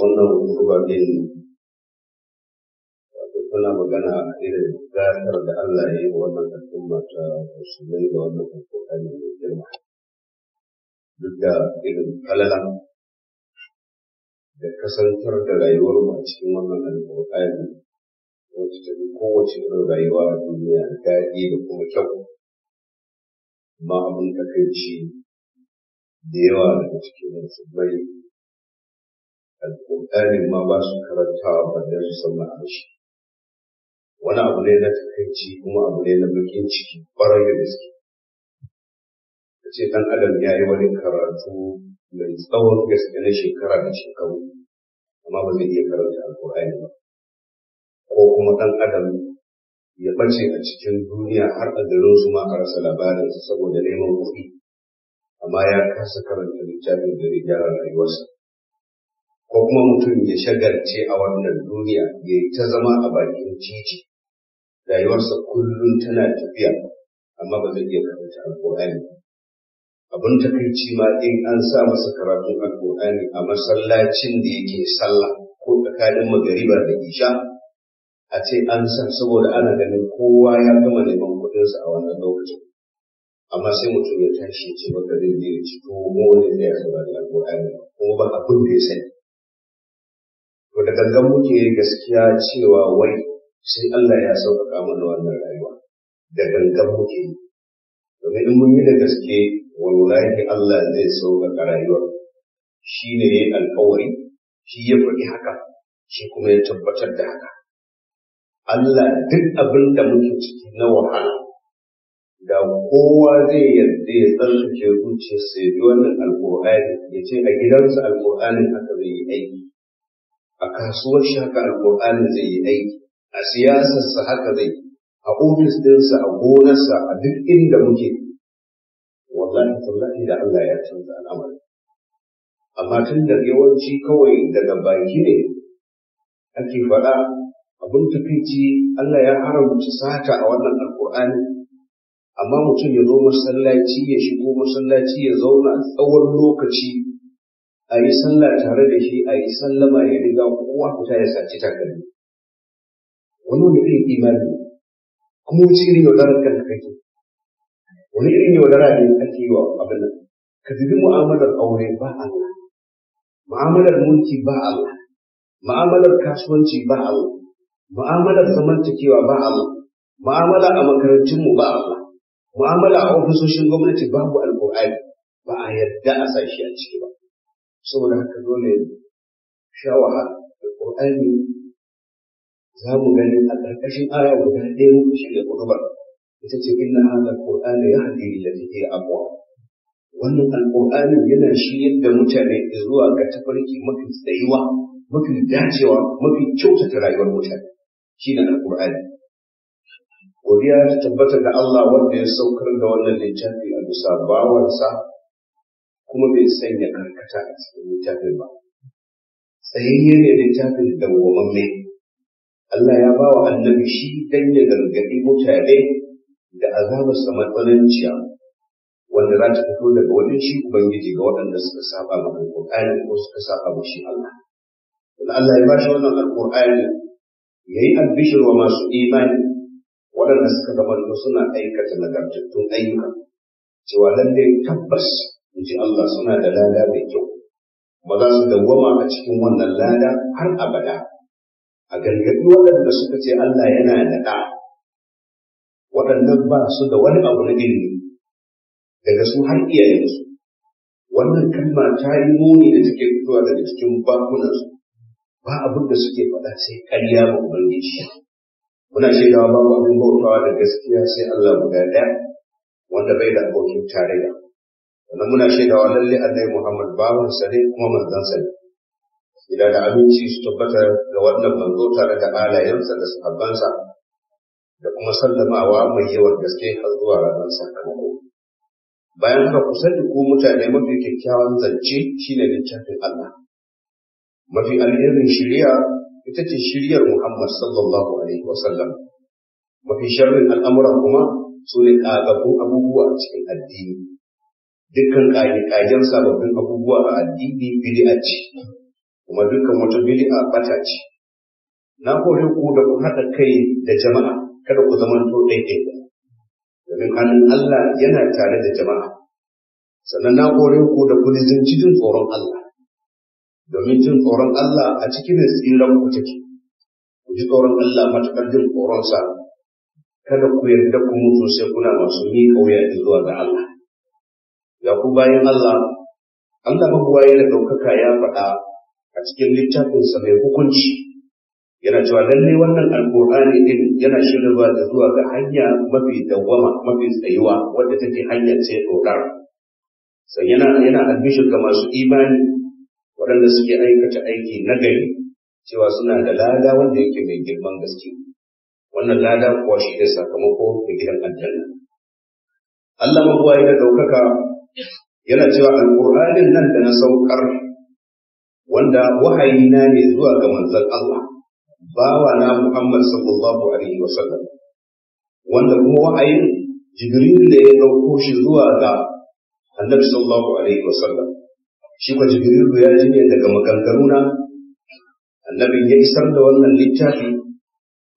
wannan hutuba din wato tana magana a irin gasar da Allah ya yi wa wannan al'umma ta musulmai da wannan alƙur'ani mai girma duk da irin falala da kasantar da rayuwar mu a cikin wannan alƙur'ani wacce ta fi kowace irin rayuwa a duniya da daɗi da kuma kyau amma abin takaici da yawa daga cikin musulmai alƙur'anin ma ba su karantawa ba da su san ma'anashi wani abu ne na takaici kuma abu ne na bakin ciki ƙwarar da gaske a ce ɗan adam ya yi wani karatu mai tsawon gaske na shekara da shekaru amma ba zai iya karanta alƙur'ani ba ko kuma ɗan adam ya ɓace a cikin duniya har a garin su ma a rasa labarinsa saboda neman kuɗi amma ya kasa karanta littafin da ya gyara rayuwarsa ko kuma mutum ya shagarce a wannan duniya ya yi ta zama a bakin titi rayuwarsa kullum tana tafiya amma ba zai iya karanta alƙur'ani abin takaici ma in an sa masa karatun alƙur'ani a masallacin da yake sallah ko tsakanin magariba da isha a ce an sa saboda ana ganin kowa ya gama neman kuɗinsa a wannan lokacin amma sai mutum ya tashi ya ce maka zai je ya ci tuwo ne zai saurari alƙur'ani kuma ba abin da ya sani da gangan muke gaskiya cewa wai sai Allah ya sauƙaƙa mana wannan rayuwa da gangan muke yi domin in mun yi da gaske wallahi Allah zai sauƙaƙa rayuwar shi ne ya yi alƙawari shi ya faɗi haka shi kuma ya tabbatar da haka Allah duk abin da muke ciki na wahala da kowa zai yarda ya tsarkake zuciyarsa ya bi wannan alƙur'ani ya ce a gidansa alƙur'anin haka zai yi aiki a kasuwar shi haka zai yi aiki a siyasarsa haka zai a ofis ɗinsa a gonarsa a duk inda muke wallahi tallahi da Allah ya canza al'amari amma tun da yawanci kawai daga baki ne ake faɗa abin tafici Allah ya haramta sata a wannan alƙur'ani amma mutum ya zo masallaci ya shigo masallaci ya zauna a tsawon lokaci a yi sallah tare da shi a yi sallama ya riga kowa fita ya saci takalmi wani wani irin imani kuma wuce irin yaudarar da kake wani irin yaudara ne ake yi wa abin nan ka zubi mu'amalar aure ba Allah mu'amalar mulki ba Allah mu'amalar kasuwanci ba Allah mu'amalar zamantakewa ba Allah mu'amala a makarantunmu ba Allah mu'amala a ofisoshin gwamnati babu alƙur'ani ba a yarda a sashi a ciki ba saboda haka dole shawara, wahala da za mu gani a ƙarƙashin aya guda ɗaya muka shirya ƙurbar ita ce inna hadha alqur'ana yahdi lillati hiya aqwa wannan alqur'ani yana shiryar da mutane zuwa ga tafarki mafi tsayuwa mafi dacewa mafi kyautata rayuwar mutane shine alqur'ani godiya ta tabbatar da Allah wanda ya saukar da wannan littafi a bisa bawansa kuma bai sanya karkata a cikin littafin ba tsayayye ne littafin dawwamamme Allah ya ba wa annabi shi dan ya gargaɗi mutane da azabar sa matsananciya wanda za ta fito daga wajen shi ubangiji ga waɗanda suka saba ma alƙur'ani ko suka saba ma shi Allah Allah ya bashi wannan alƙur'ani ya yi albishir wa masu imani waɗanda suka zama suna aikata nagartattun ayyuka cewa lallai tabbas in ji Allah suna da lada mai kyau ba za su dawwama a cikin wannan lada har abada a gargaɗi waɗanda suka ce Allah yana da ɗa waɗannan ba su da wani abu na ilimi daga su har iyayensu wannan kalma ta yi muni da take fitowa daga cikin bakunansu ba abin da suke faɗa sai ƙarya ba ubangiji muna shaidawa babu abin bautawa da gaskiya sai Allah guda ɗaya wanda bai da abokin tarayya wannan muna wa lalle annabi Muhammad babu sa ne kuma manzon sa ne ila da aminci su tabbatar da wannan manzo tare da alayensa da sahabbansa da kuma sallamawa mai yawan gaske har zuwa ranar sakamako bayan haka ku sani mutane mafi kyakkyawan zance shine littafin Allah mafi alherin shari'a ita ce shiryar Muhammad sallallahu alaihi sallam. mafi sharrin al'amura kuma su ne ƙagagun abubuwa a cikin addini dukkan ƙage-ƙagen sababbin abubuwa a addini bid'a ce kuma dukkan wata bid'a bata ce na kore ku da ku haɗa kai da jama'a kada ku zama to ɗaiɗai domin hannun Allah yana tare da jama'a sannan na kore ku da ku nizinci jin tsoron Allah domin jin tsoron Allah a cikin tsiran ku take ku ji tsoron Allah matuƙar jin tsoronsa kada ku yarda ku mutu sai kuna masu miƙa wuya zuwa ga Allah ya ku bayan Allah Allah mabuwaye da ɗaukaka ya faɗa a cikin littafinsa mai hukunci yana cewa lallai wannan alkur'ani din yana shirya da zuwa ga hanya mafi dawwama mafi tsayuwa wadda take hanyar ce dokar sai yana yana albishir ga masu imani waɗanda suke aikata aiki na gari cewa suna da lada wanda yake mai girman gaske wannan lada kuwa shi ne sakamako da gidan aljanna Allah mabuwayi da ɗaukaka yana cewa alƙur'anin nan da na saukar wanda wahayina ne zuwa ga manzon Allah bawa na Muhammad sallallahu alaihi wasallam wanda kuma wahayin Jibril ne ya dauko shi zuwa ga Annabi sallallahu alaihi wasallam shi ko Jibril ya ji ne daga maganganuna annabi ya isar da wannan littafi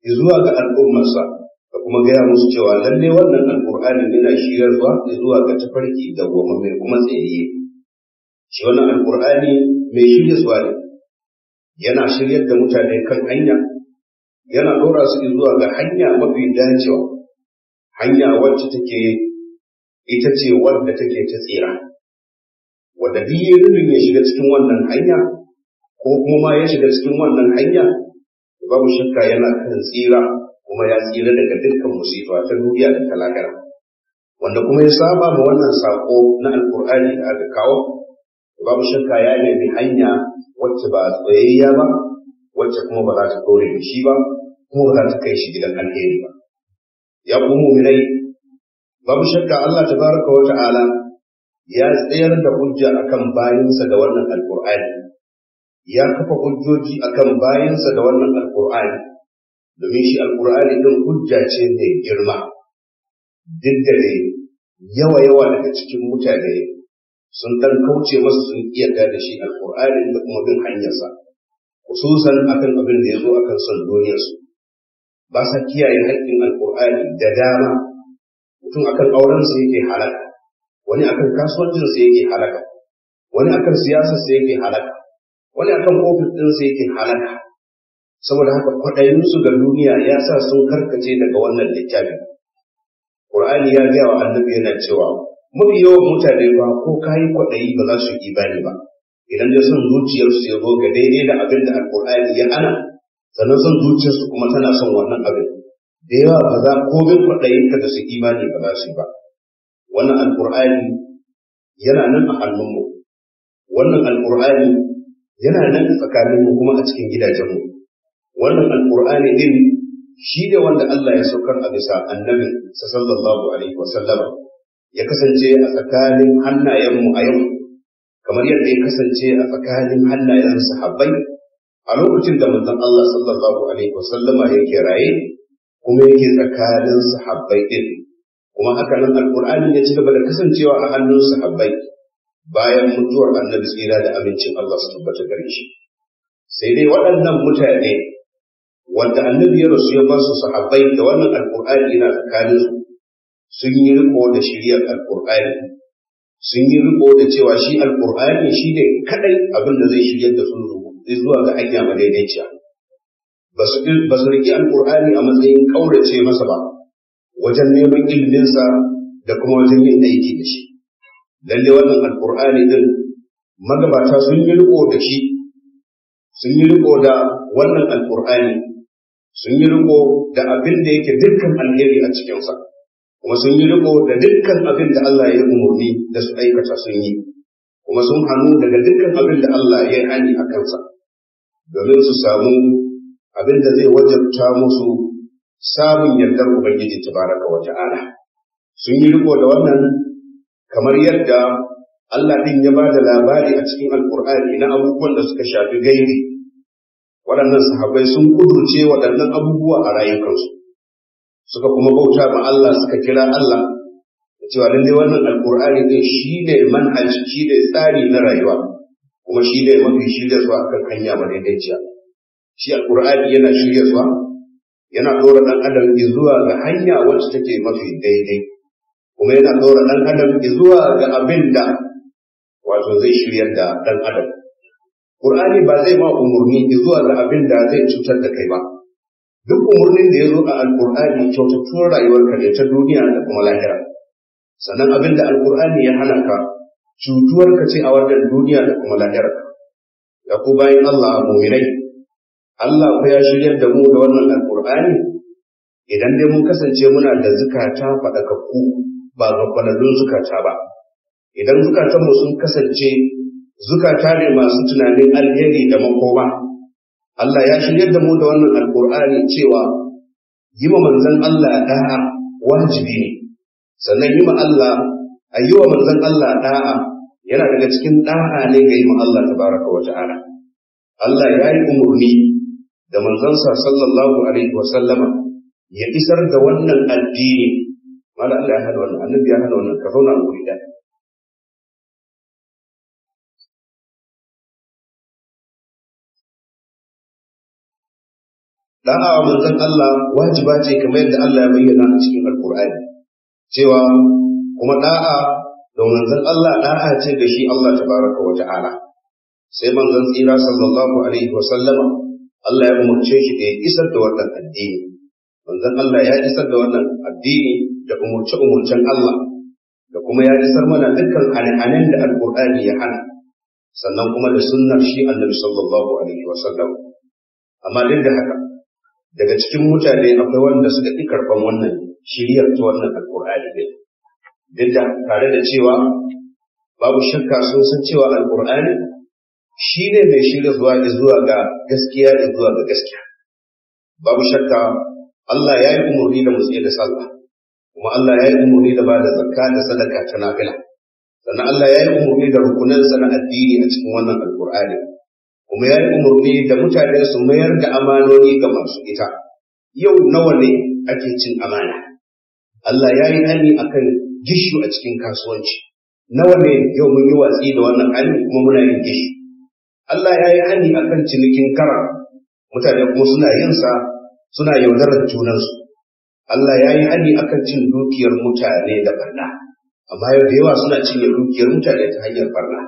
zuwa ga al'ummarsa kuma gaya musu cewa lalle wannan alƙur'anin yana shirarwa zuwa ga tafarki da goma mai kuma tsayayye shi wannan alƙur'ani mai shirya zuwa ne yana shiryar da mutane kan hanya yana dora su zuwa ga hanya mafi dacewa hanya wacce take ita ce wadda take ta tsira wadda duk ya ya shiga cikin wannan hanya ko kuma ma ya shiga cikin wannan hanya babu shakka yana kan tsira kuma ya tsira daga dukkan musifa ta duniya da ta lahira wanda kuma ya saba ma wannan sako na alkur'ani da aka kawo babu shakka ya nemi hanya wacce ba tsayayya ba wacce kuma ba za ta dore da shi ba kuma ba za ta kai shi gidan alheri ba ya ku mu'minai babu shakka Allah tabaraka wa ta'ala ya tsayar da hujja akan bayinsa da wannan alkur'ani ya kafa hujjoji akan bayinsa da wannan alkur'ani domin shi alkur'ani ɗin hujja ce mai girma duk da dai yawa yawa daga cikin mutane sun ɗan kauce masa sun iya da shi alkur'ani da kuma bin hanyarsa khususan akan abin da ya zo akan son duniyarsu ba sa kiyaye haƙƙin alkur'ani da dama mutum akan aurensa yake halaka wani akan kasuwancinsa yake halaka wani akan siyasarsa yake halaka wani akan ofis ɗinsa yake halaka saboda haka kwaɗayinsu ga duniya ya sa sun karkace daga wannan littafin Ƙur'ani ya gaya wa annabi yana cewa mafi yawan mutane ba ko kayi kwaɗayi ba za su yi imani ba idan da son zuciyarsu ya zo ga daidai da abin da alƙur'ani ya ana sannan son zuciyarsu kuma tana son wannan abin da yawa ba za komin ka da su imani ba za su yi ba wannan alƙur'ani yana nan a hannunmu wannan alƙur'ani yana nan tsakaninmu kuma a cikin gidajenmu wannan Alƙur'ani din shi ne wanda Allah ya saukar a bisa annabi sallallahu alaihi sallama, ya kasance a tsakanin hannayenmu a yau kamar yadda ya kasance a tsakanin hannayen sahabbai a lokacin da manzon Allah sallallahu alaihi wasallama yake raye kuma yake tsakanin sahabbai din kuma haka nan ya ci gaba da kasancewa a hannun sahabbai bayan mutuwar annabi tsira da amincin Allah su tabbata gare shi sai dai waɗannan mutane wanda annabi ya rasu ya ba su sahabbai da wannan Alƙur'ani yana tsakanin su sun yi riko da shiriyar Alƙur'ani. sun yi riko da cewa shi Alƙur'ani shi ne kaɗai abin da zai shiryar da su zuwa ga hanya madaidaiciya ba su riƙi alƙur'ani a matsayin ƙaurace masa ba wajen neman iliminsa da kuma wajen yin aiki da shi lalle wannan alƙur'ani din magabata sun yi riko da shi sun yi riko da wannan alkur'ani sun yi riko da abin da yake dukkan alheri a cikinsa kuma sun yi riko da dukkan abin da Allah ya umarni da su aikata sun yi kuma sun hannu daga dukkan abin da Allah ya hani a kansa domin su samu abin da zai wajabta musu samun yardar ubangiji tabaraka wa ta'ala sun yi riko da wannan kamar yadda Allah din ya ba da labari a cikin Alƙur'ani na abubuwan da suka shafi gaibi waɗannan sahabbai sun kudurce waɗannan abubuwa a rayukansu suka kuma bauta ma Allah suka kira Allah da cewa lallai wannan Alƙur'ani ɗin shi ne manhaji shi ne tsari na rayuwa kuma shi ne mafi shirya zuwa kan hanya madaidaiciya shi Alƙur'ani yana shirya zuwa yana ɗora ɗan adam zuwa ga hanya wacce take mafi daidai kuma yana ɗora ɗan adam zuwa ga abin da wato zai shiryar da ɗan adam Ƙur'ani ba zai ma umarni zuwa ga abin da zai cutar da kai ba. Duk umarnin da ya zo a Al-Qur'ani kyautattun rayuwarka ne ta duniya da kuma lahira. Sannan abin da Al-Qur'ani ya hana ka cutuwarka ce a wannan duniya da kuma lahira. Ya ku bayan Allah mu'minai. Allah ku ya shiryar da mu da wannan Al-Qur'ani idan dai mun kasance muna da zukata faɗakakku ba ga kwalalun zukata ba. Idan zukatanmu sun kasance zukata ne masu tunanin alheri da makoma Allah ya shigar da mu da wannan alkur'ani cewa yi ma manzon Allah da'a wajibi ne sannan yi ma Allah a yi wa manzon Allah da'a yana daga cikin da'a ne ga yi ma Allah baraka wa ta'ala Allah ya yi umarni da manzansa sallallahu alaihi wa sallama ya isar da wannan addini mala Allah ya hana wannan annabi ya hana wannan ka zauna a wuri da da'a wa manzon Allah wajiba ce kamar yadda Allah ya bayyana a cikin Alƙur'ani cewa kuma da'a da manzon Allah da'a ce ga shi Allah tabaraka wa ta'ala sai manzon tsira sallallahu alaihi wa sallama Allah ya umarce shi da ya isar da wannan addini manzon Allah ya isar da wannan addini da umarce-umarcen Allah da kuma ya isar mana dukkan alhanan da Alƙur'ani ya hana sannan kuma da sunnar shi Annabi sallallahu alaihi wa sallam amma duk da haka daga cikin mutane akwai wanda suka ƙi karɓan wannan shiriyar ta wannan alƙur'ani ɗin duk da tare da cewa babu shakka sun san cewa alƙur'ani shine mai shirya zuwa zuwa ga gaskiya da zuwa ga gaskiya babu shakka Allah ya yi umarni da mutsi da sallah kuma Allah ya yi umarni da ba da zakka da sadaka ta nafila sannan Allah ya yi umarni da rukunan na addini a cikin wannan alƙur'ani kuma ya yi umarni da mutane su mayar da amanoni ga masu ita yau nawa ne ake cin amana Allah ya yi a akan gishu a cikin kasuwanci nawa ne yau mun yi watsi da wannan ani kuma muna yin gishu Allah ya yi a akan cinikin kara mutane kuma suna yin sa suna yaudarar junansu Allah ya yi a akan cin dukiyar mutane da barna amma yau da yawa suna cinye dukiyar mutane ta hanyar barna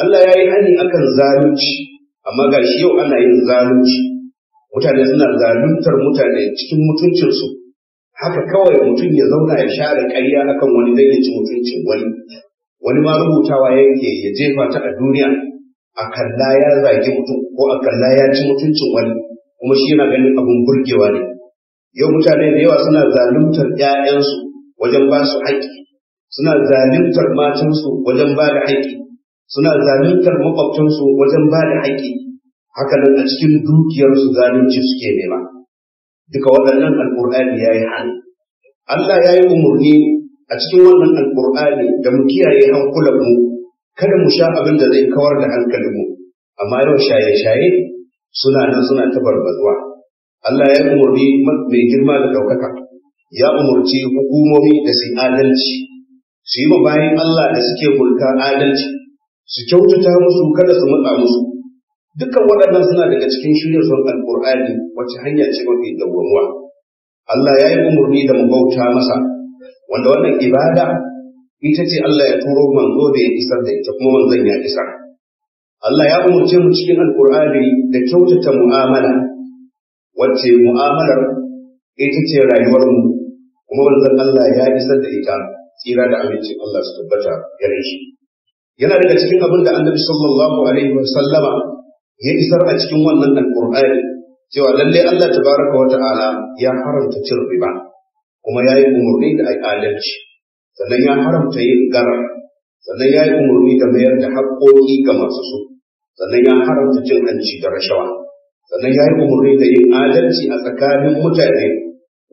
Allah ya yi a akan zalunci amma ga shi yau ana yin zalunci mutane suna zaluntar mutane cikin mutuncinsu haka kawai mutum ya zauna ya share ƙarya akan wani zai ya mutuncin wani wani ma rubutawa yake ya jefa ta a duniya a kalla ya zagi mutum ko a kalla ya ci mutuncin wani kuma shi yana ganin abun burgewa ne yau mutane da yawa suna zaluntar 'ya'yansu wajen ba su haƙƙi suna zaluntar matansu wajen ba da haƙƙi suna zalintar makwabcinsu wajen ba da haƙƙi hakanan a cikin dukiyarsu zalunci suke nema duka waɗannan alƙur'ani ya yi hannu Allah ya yi umarni a cikin wannan alƙur'ani da mu kiyaye hankulanmu kada mu sha abin da zai kawar da hankalinmu amma yau shaye-shaye suna nan suna ta barbazuwa Allah ya umarni mai girma da ɗaukaka ya umarci hukumomi da su adalci su yi bayan Allah da suke mulka adalci su kyautata musu kada su matsa musu dukkan waɗannan suna daga cikin shirya son alƙur'ani wacce hanya ce mafi dawwamuwa Allah ya yi umarni da mabauta masa wanda wannan ibada ita ce Allah ya turo manzo da ya isar da ita kuma manzon ya isa. Allah ya umarce mu cikin alƙur'ani da kyautata mu'amala wacce mu'amalar ita ce rayuwarmu kuma manzon Allah ya isar da ita tsira da amincin Allah su tabbata gare shi yana daga cikin abin da annabi sallallahu alaihi wa sallama ya isar a cikin wannan alqur'ani cewa lalle Allah tabaraka wa ta'ala ya haramta cin riba kuma ya yi umarni da adalci sannan ya haramta yin garar sannan ya yi umarni da mayar da haƙƙoƙi ga masu su sannan ya haramta cin hanci da rashawa sannan ya yi umarni da yin adalci a tsakanin mutane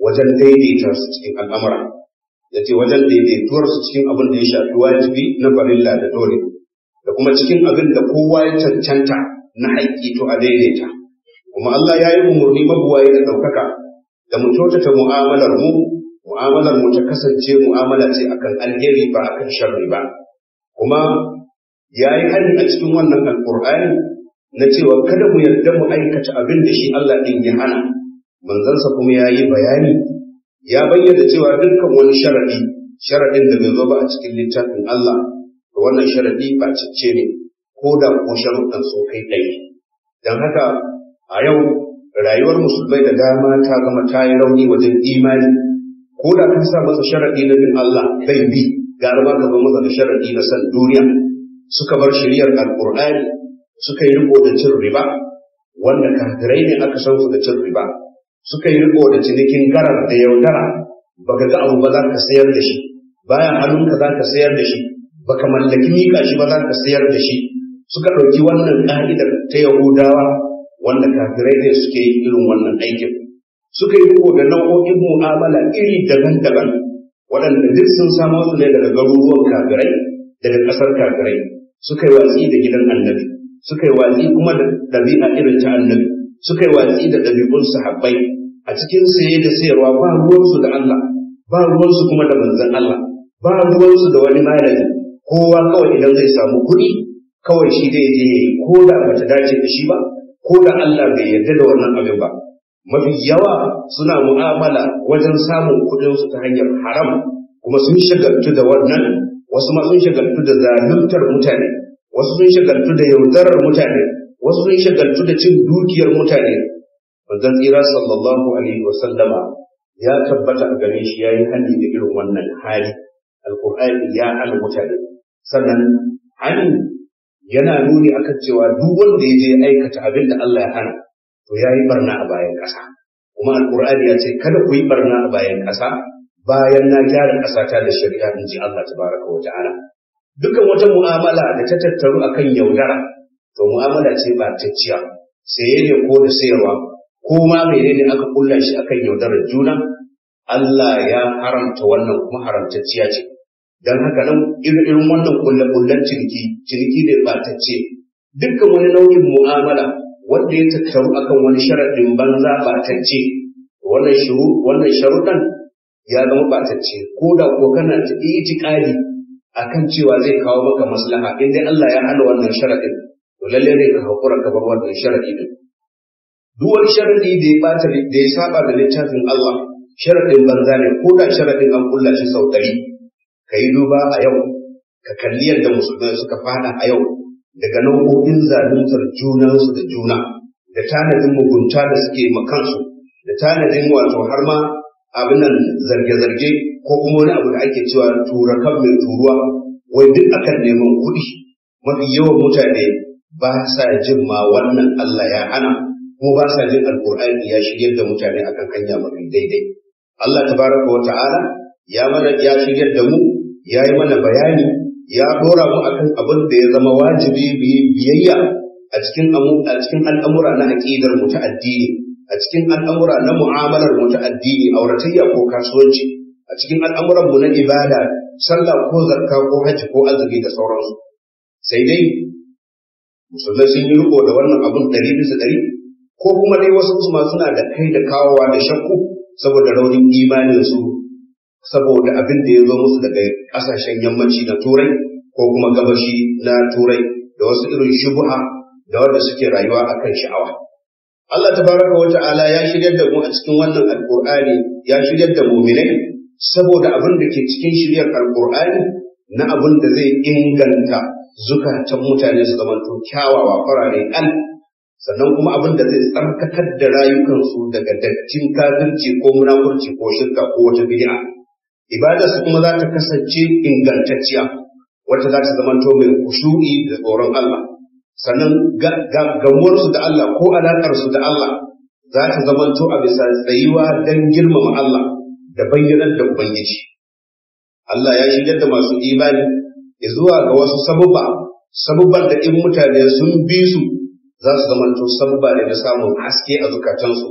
wajen daidaita su cikin al'amura Da ce wajen daidaituwar su cikin abin da ya shafi wajibi na farilla da dole da kuma cikin abin da kowa ya cancanta na haƙƙi to a daidaita kuma Allah ya yi umarni mabuwaye da ɗaukaka da mu kyautata mu'amalar mu mu'amalar mu ta kasance mu'amala ce akan alheri ba akan sharri ba kuma ya yi hari a cikin wannan alƙur'ani na cewa kada mu yarda mu aikata abin da shi Allah ɗin ya hana manzansa kuma ya yi bayani ya bayyana cewa dukkan wani sharadi sharadin da bai zo ba a cikin littafin Allah da wannan sharadi ba cicce ne ko da ko sharuɗan so kai ɗaya don haka a yau rayuwar musulmai da dama ta gama ta yi rauni wajen imani ko da kun sa masa sharadi na bin Allah bai bi gara ma ka masa da sharadi na san duniya suka bar shiriyar alkur'ani suka yi riko da cin riba wanda kafirai ne aka san su da cin riba suka yi riko da cinikin garar da yaudara baka ga abu ba za ka sayar da shi bayan hannunka za ka sayar da shi baka mallaki miƙa shi ba za ka sayar da shi suka ɗauki wannan ƙa'idar ta yahudawa wanda kafirai ne suke yi irin wannan aikin suka yi riko da nau'o'in mu'amala iri daban-daban waɗanda duk sun samo su ne daga garuruwan kafirai daga ƙasar kafirai suka yi watsi da gidan annabi suka yi watsi kuma da ɗabi'a irin ta annabi suka yi watsi da ɗabi'un sahabbai a cikin saye da sayarwa ba ruwansu da Allah ba ruwansu kuma da manzon Allah ba ruwansu da wani malami kowa kawai idan zai samu kuɗi kawai shi zai je yayi ko da bata dace da shi ba ko da Allah bai yarda da wannan abin ba mafi yawa suna mu'amala wajen samun kuɗinsu ta hanyar haram kuma sun shagaltu da wannan wasu ma sun shagaltu da zaluntar mutane wasu sun shagaltu da yaudarar mutane wasu sun shagaltu da cin dukiyar mutane manzon tsira sallallahu alaihi wa sallama ya tabbata a gare shi yayi hanni da irin wannan hali alqur'ani ya hana mutane sannan hani yana nuni akan cewa duk wanda ya je aikata abin da Allah ya hana to yayi barna a bayan ƙasa kuma alqur'ani ya ce kada ku yi barna a bayan ƙasa bayan na gyara ƙasata da shari'a in ji Allah tabaraka wa ta'ala Dukkan wata mu'amala da ta tattaru akan yaudara to mu'amala ce ba ta ciya saye ne ko da sayarwa ko ma menene aka kulla shi akan yaudarar juna Allah ya haramta wannan kuma haramtacciya ce dan haka nan irin wannan kulle kullen ciniki ciniki ne ba ta ce dukkan wani nau'in mu'amala wanda ya tattaru akan wani sharadin banza ba ta wannan shuru wannan sharuɗan ya zama ba ta ce ko da ko kana ta itiƙadi akan cewa zai kawo maka maslaha in dai Allah ya hana wannan sharadin to lalle ne ka hakura ka bar wannan sharadi din duk wani sharadi da ya bata da ya saba da littafin Allah sharaɗin banza ne ko da sharaɗin an kulla shi sau ɗari ka yi duba a yau ka kalli yadda musulmai suka fada a yau daga nau'o'in zaluntar junansu da juna da tanadin mugunta da suke makansu da tanadin wato har ma abin nan zarge-zarge ko kuma wani abu da ake cewa tura kan mai turuwa wai duk akan neman kuɗi mafi yawan mutane ba sa jin ma wannan Allah ya hana kuma ba sa jin alkur'ani ya shigar da mutane akan hanya mafi daidai Allah tabaraka wa ta'ala ya mana ya shigar da mu ya yi mana bayani ya dora mu akan abin da ya zama wajibi biyayya a cikin a cikin al'amura na aqidar mu ta addini a cikin al'amura na mu'amalar mu ta addini auratayya ko kasuwanci a cikin al'amuran mu na ibada sallah ko zakka ko hajji ko azumi da sauransu sai dai musulmai sun yi riko da wannan abun ɗari bisa ɗari ko kuma dai wasu su masu suna da kai da kawowa da shakku saboda raunin imanin su saboda abin da ya zo musu daga ƙasashen yammaci na turai ko kuma gabashi na turai da wasu irin shubuha da wanda suke rayuwa kan sha'awa Allah Ta baraka wa ta'ala ya shiryar da mu a cikin wannan Alƙur'ani ya shiryar da mu'minai saboda abin da ke cikin shiryar Alƙur'ani na abin da zai inganta zukatan mutane su zama to kyawawa farare al sannan kuma abin da zai tsarkakar da rayukansu daga dattin kafirci ko munafurci ko shirka ko wata bid'a ibada su kuma za ta kasance ingantacciya wacce za ta zama mai kushu'i da tsoron Allah sannan gamuwarsu da Allah ko alaƙarsu da Allah za ta zama to a bisa tsayuwa don girmama Allah da bayyana da Ubangiji. Allah ya shigar da masu imani zuwa ga wasu sababa da in mutane sun bi su za su to sababa ne da samun haske a zukatansu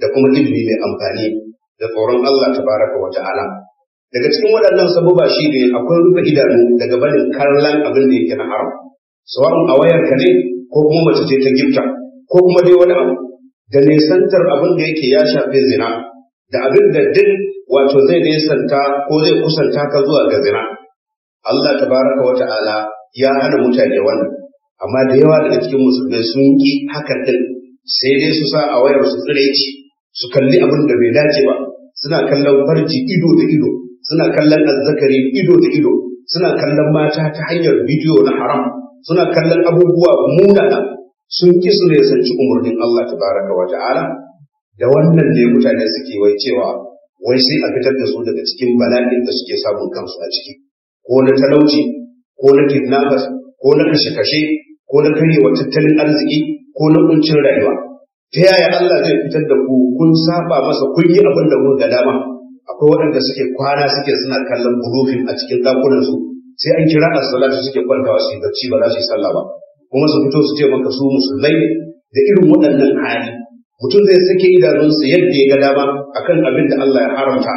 da kuma ilimi mai amfani da tsoron Allah tabaraka wa ta'ala daga cikin waɗannan sababa shi ne akwai rufe idanu daga barin kallon abin da yake na haram sawa'un a wayarka ne ko kuma mace ce ta gifta ko kuma dai wani abu da nesantar abin da yake ya shafi zina da abin da duk wato zai santa ko zai kusanta ka zuwa ga zina Allah tabaraka wa ta'ala ya hana mutane wannan amma da yawa daga cikin musulmai sun yi hakan din sai dai su sa a wayar su tsireci su kalli abin da bai dace ba suna kallon farji ido da ido suna kallon azzakari ido da ido suna kallon mata ta hanyar bidiyo na haram suna kallon abubuwa munana sun ki su ne sanci umarnin Allah tabaraka wa ta'ala da wannan ne mutane suke wai cewa wai sai a fitar da su daga cikin bala'in da suke samun kansu a ciki ko na talauci ko na kidnappers ko na kashe-kashe ko na karyewa tattalin arziki ko na kuncin rayuwa ta yaya Allah zai fitar da ku kun saba masa kun yi abin da kun ga dama akwai waɗanda suke kwana suke suna kallon burufin a cikin dakunan su sai an kira as-salatu suke kwantawa su yi bacci ba za su yi sallah ba kuma su fito su ce maka su musulmai da irin waɗannan hali mutum zai sake idanunsa yadda ya ga dama akan abin da Allah ya haramta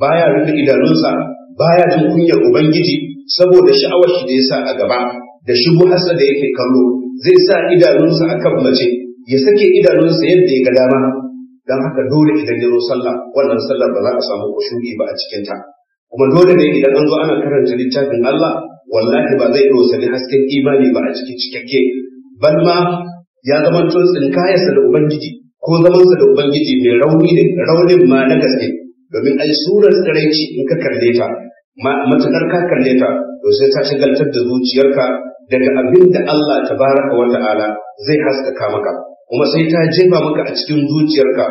baya rufe idanunsa baya jin kunyar ubangiji saboda sha'awar shi da ya sa a gaba da shigo hasa da yake kallo zai sa idanunsa a kan mace ya sake idanunsa yadda ya ga dama don haka dole idan ya zo sallah wannan sallar ba za a samu kushuri ba a cikinta kuma dole ne idan an zo ana karanta littafin Allah wallahi ba zai rosani hasken imani ba a cikin cikakke bal ma ya zama tun tsinkayarsa da ubangiji ko zamansa da ubangiji mai rauni da raunin ma na gaske domin ai surar tsiraici in ka kalle ta matukar ka kalle ta to sai ta shigaltar da zuciyarka daga abin da Allah tabaraka wa ta'ala zai haskaka maka kuma sai ta jefa maka a cikin zuciyarka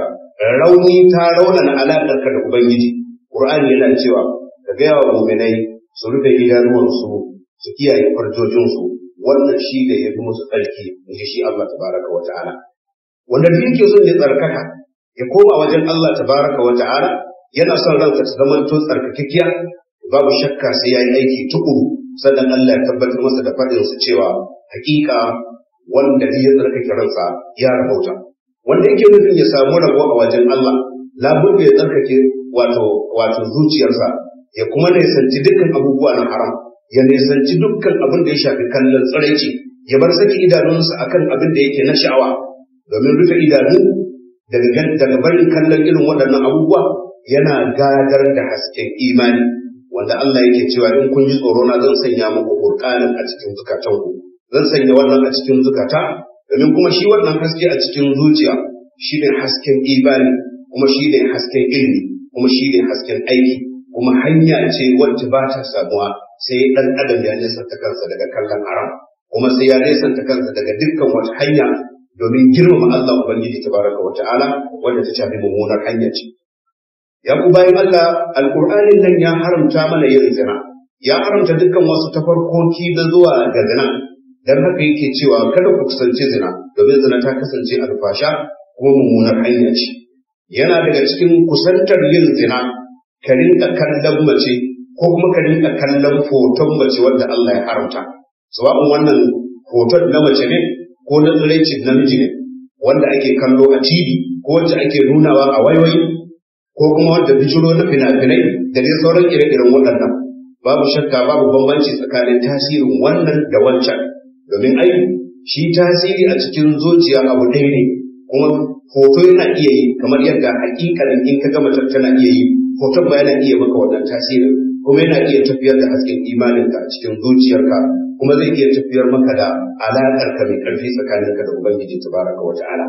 rauni ta rauna raunana alaƙarka da ubangiji qur'ani yana cewa ka gaya wa mu'minai su rufe idanuwansu su kiyaye farjojinsu wannan shi ne ya fi musu tsarki in shi Allah tabaraka wa ta'ala wanda duk yake ya tsarkaka ya koma wajen Allah tabaraka wa ta'ala yana son ranka su zama to tsarkakakkiya babu shakka sai ya yi aiki tukuru sannan Allah ya tabbatar masa da su cewa hakika wanda zai tsarkake ransa ya rahota. wanda yake nufin ya samu rabo a wajen Allah labudda ya tsarkake wato wato zuciyarsa ya kuma nisanci dukkan abubuwa na haram ya nisanci dukkan abin da ya shafi kallon tsiraici ya bar saki idanunsa akan abin da yake na sha'awa domin rufe idanu daga barin kallon irin waɗannan abubuwa yana gadar da hasken imani wanda Allah yake cewa in kun yi tsoro na zan sanya muku Qur'anin a cikin ku zan sanya wannan a cikin zukata domin kuma shi wannan haske a cikin zuciya shi ne hasken imani kuma shi ne hasken ilimi kuma shi ne hasken aiki kuma hanya ce wacce ba ta samuwa sai dan adam ya nesanta kansa daga kallon haram kuma sai ya nesanta kansa daga dukkan wata hanya domin girmama Allah Ubangiji tabaraka wa ta'ala wanda ta shafi mummunar hanya ce ya ku bayan Allah alƙur'anin nan ya haramta mana yin zina ya haramta dukkan wasu tafarkoki da zuwa ga zina dan haka yake cewa kada ku kusance zina domin zina ta kasance alfasha ko mummunar hanya ce yana daga cikin kusantar yin zina ka rinka kallon mace ko kuma ka rinka kallon hoton mace wanda Allah ya haramta sawa'un wannan hoton na mace ne ko na tsiraicin namiji ne wanda ake kallo a TV ko wacce ake nunawa a wayoyi ko kuma wanda bijiro na fina-finai da dai sauran ire-iren waɗannan babu shakka babu bambanci tsakanin tasirin wannan da wancan domin ai shi tasiri a cikin zuciya abu ɗaya ne kuma hoto yana iya yi kamar yadda hakikalin in ka gama tana iya yi hoton ba yana iya maka wannan tasirin kuma yana iya tafiyar da hasken imaninka a cikin zuciyarka kuma zai iya tafiyar maka da alaƙarka mai ƙarfi tsakaninka da ubangiji tabaraka wa ta'ala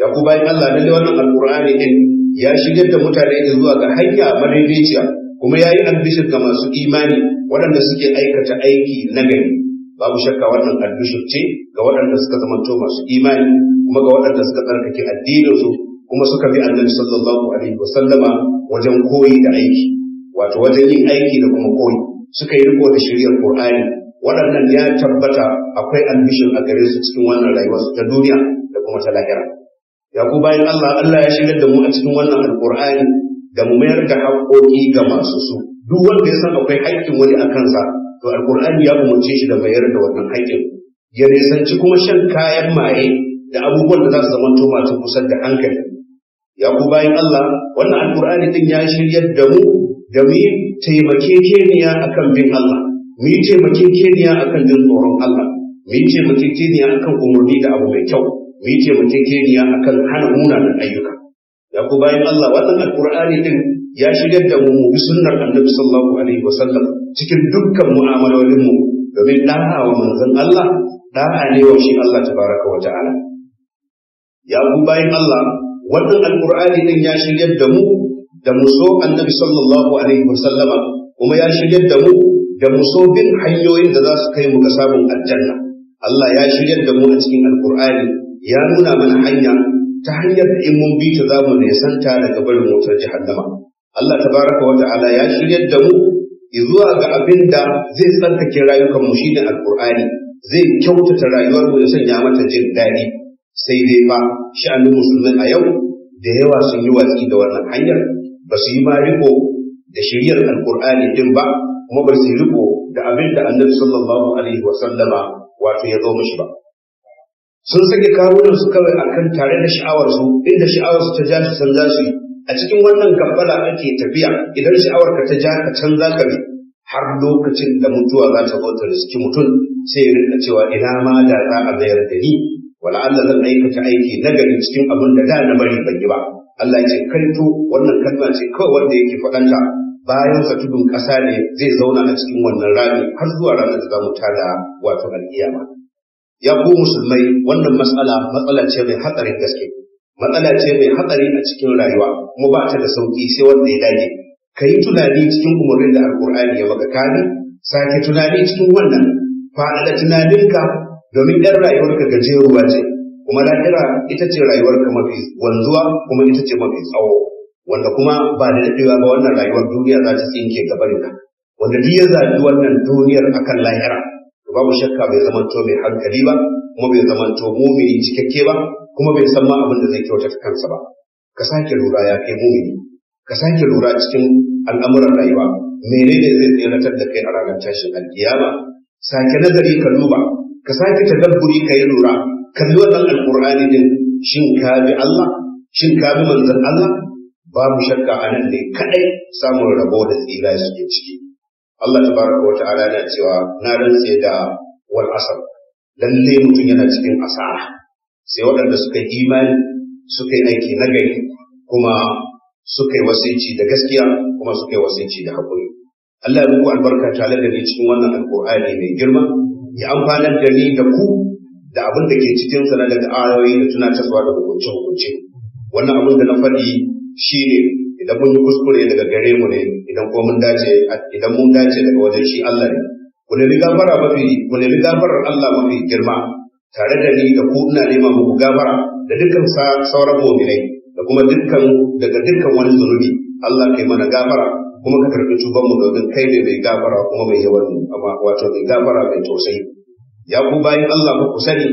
ya ku bayan Allah lalle wannan alƙur'ani ɗin. ya shigar da mutane da zuwa ga hanya madaidaiciya kuma ya yi ambishin ga masu imani waɗanda suke aikata aiki na gari babu shakka wannan ambishin ce ga waɗanda suka to masu imani kuma ga waɗanda suka tsarkake addininsu kuma suka bi annabi sallallahu alaihi sallama wajen koyi da aiki wato wajen yin aiki da kuma koyi suka yi riko da shiriyar qur'ani waɗannan ya tabbata akwai ambishin a gare su cikin wannan su ta duniya da kuma ta lahira ya ku bayan Allah Allah ya shigar da mu a cikin wannan alkur'ani da mu mayar da haƙoƙi ga masu su duk wanda ya san akwai haƙƙin wani a kansa to alkur'ani ya umarce shi da mayar da wannan haƙƙin ya nisanci kuma shan kayan maye da abubuwan da za su zama masu kusa da hankali ya ku bayan Allah wannan alkur'ani din ya shiryar da mu da mu taimakekeniya akan bin Allah mu keniya akan jin tsoron Allah mu keniya akan umarni da abu mai kyau mu yi taimakekeniya akan hana munanan ayyuka ya ku bayan Allah wannan Alƙur'ani ɗin ya shigar da mu bi sunnar annabi sallallahu alaihi wasallam cikin dukkan mu'amalolin mu domin da'a wa manzon Allah da'a ne wa shi Allah tabaraka wa ta'ala ya ku bayan Allah wannan alkur'ani ɗin ya shigar da mu da mu so annabi sallallahu alaihi Sallama kuma ya shigar da mu da mu so bin hanyoyin da za su kai mu ga samun aljanna Allah ya shigar da mu a cikin alkur'ani ya nuna mana hanya ta hanyar da in mun bi ta za mu nesanta daga barin wutar jahannama Allah tabaraka wa ta'ala ya shiryar da mu zuwa ga abin da zai tsarkake rayukan mu shine alqur'ani zai kyautata rayuwar mu ya sanya mata jin daɗi sai dai fa sha'anin musulmin a yau da yawa sun yi watsi da wannan hanyar ba su yi ma riko da shiryar alqur'ani din ba kuma ba su riko da abin da annabi sallallahu alaihi wa sallama wato ya zo mishi ba sun sake kawunan su kawai akan tare da sha'awarsu inda sha'awarsu ta ja su san su a cikin wannan gabbala ake tafiya idan sha'awar ka ta ja ka canza ka bi har lokacin da mutuwa za ta bauta da suke mutum sai ya rinka cewa ina ma da za a bayar da ni wala Allah zan aikata aiki nagari cikin abin da da na bari ban yi ba Allah ya ce kanto wannan kalma ce kawai wanda yake faɗanta bayan sa tudun ƙasa ne zai zauna a cikin wannan rami har zuwa ranar da za mu tada wato al'iyama. ya ku musulmai wannan matsala matsala ce mai hatsarin gaske matsala ce mai hatsari a cikin rayuwa kuma ba ta da sauki sai wanda ya dage ka yi tunani cikin umarnin da alkur'ani ya maka kani sake tunani cikin wannan faɗaɗa tunaninka domin ɗan rayuwarka gajeruwa ce kuma lahira ita ce rayuwarka mafi wanzuwa kuma ita ce mafi tsawo wanda kuma ba da daɗewa ba wannan rayuwar duniya za ta tsinke ka. wanda duk ya zaɓi wannan duniyar akan lahira babu shakka bai zamanto mai hankali ba kuma bai zamanto mumini cikakke ba kuma bai san ma abin da zai kyautata kansa ba ka sake lura ya kai mumini ka sake lura cikin al'amuran rayuwa menene zai tseratar da kai a ranar tashin alkiyama sake nazari ka duba ka sake tadabburi ka yi lura kalli wannan alkur'ani din shin ka bi Allah shin ka bi manzon Allah babu shakka anan ne kadai samun rabo da tsira suke ciki Allah tabaraka wa ta'ala yana cewa na rantse da wal asr lalle mutum yana cikin asara sai waɗanda suka yi imani suka yi aiki na gari kuma suka yi wasici da gaskiya kuma suka yi wasici da haƙuri Allah ya muku albarka tare da ni cikin wannan alƙur'ani mai girma ya amfanar da ni da ku da abin da ke cikin sa daga ayoyi da tunatarwa da hukunce hukunce wannan abin da na faɗi shine idan mun yi kuskure daga gare mu ne idan ko mun dace idan mun dace daga wajen shi Allah ne ku nemi gafara mafi ku ne gafara Allah mafi girma tare da ni da ku ina nema muku gafara da dukkan sauran mu'minai da kuma dukkan daga dukkan wani zunubi Allah kai mana gafara kuma ka karbi tuban mu domin kai ne mai gafara kuma mai yawan amma wato mai gafara mai tausayi ya ku bayin Allah ku sani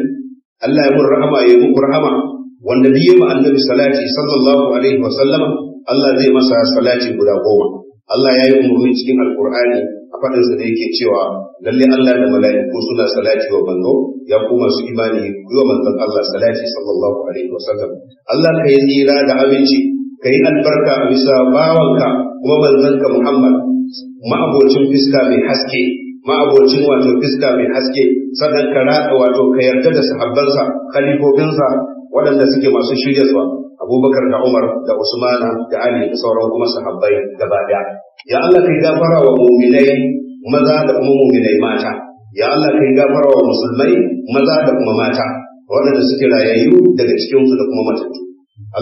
Allah ya mun rahama ya muku rahama wanda biye mu annabi salati sallallahu alaihi wa sallama Allah zai masa salati guda goma Allah ya yi umarni cikin alkur'ani a faɗinsa da yake cewa lalle Allah da mala'iku suna salati wa banzo ya kuma su imani ku yi wa manzon Allah salati sallallahu alaihi wa sallam Allah ka yi nira da aminci ka yi albarka a bisa bawanka kuma manzonka Muhammad ma'abocin fiska mai haske ma'abocin wato fiska mai haske sannan ka rada wato ka yarda da sahabbansa khalifofinsa waɗanda suke masu zuwa abubakar da umar da usmana da ali da sauran kuma sahabbai gaba daya ya allah kai gafara wa muminai maza da kuma muminai mata ya allah kai gafara wa musulmai maza da kuma mata waɗanda suke rayayyu daga cikin cikinsu da kuma matattu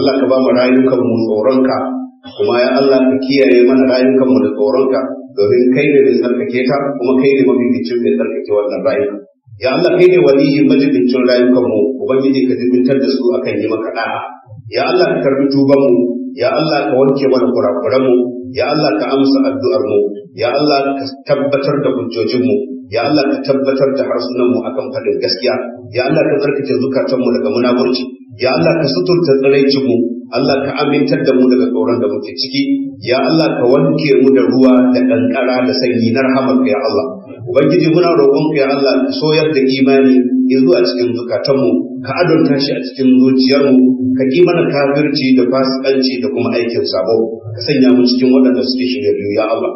allah ka ba mu rayukan mu tsoronka kuma ya allah ka kiyaye mana rayukan mu da tsoronka domin kai ne mai tsarkake ta kuma kai ne mafificin mai tsarkake wannan rayuka ya allah kai ne waliyin majibincin rayukan mu ubangiji ka jibintar da su akan yi maka da'a ya Allah ka karbi tuban mu ya Allah ka wanke mana kurakuran mu ya Allah ka amsa addu'ar mu ya Allah ka tabbatar da hujjojin mu ya Allah ka tabbatar da harsunan mu akan fadin gaskiya ya Allah ka tsarkake zukatan mu daga munafurci ya Allah ka suturta tsiraicin mu Allah ka amintar da mu daga tsoron da muke ciki ya Allah ka wanke mu da ruwa da kankara da sanyi na rahamarka ya Allah ubangiji muna roƙonka ya Allah ka soyar da imani ya zo a cikin zukatanmu ka adonta shi a cikin zuciyarmu ka ƙi mana kafirci da fasikanci da kuma aikin sabo ka sanya mu cikin waɗanda suke shirya biyu ya Allah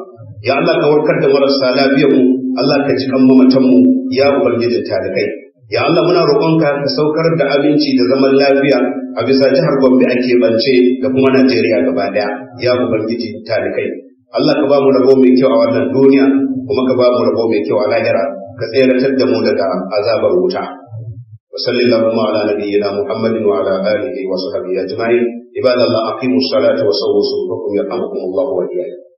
ya Allah ka warkar da marasa lafiyar mu Allah ka ji kan mamatanmu ya da talibai ya Allah muna roƙonka ka saukar da aminci da zaman lafiya a bisa jihar Gombe a keɓance da kuma Najeriya gaba ɗaya ya da talibai Allah ka ba mu rabo mai kyau a wannan duniya kuma ka ba mu rabo mai kyau a lahira كثيرة دمودة عذاب الوتع وصلى اللهم على نبينا محمد وعلى آله وصحبه أجمعين عباد الله أقيموا الصلاة وصوموا صلوكم يرحمكم الله وإياكم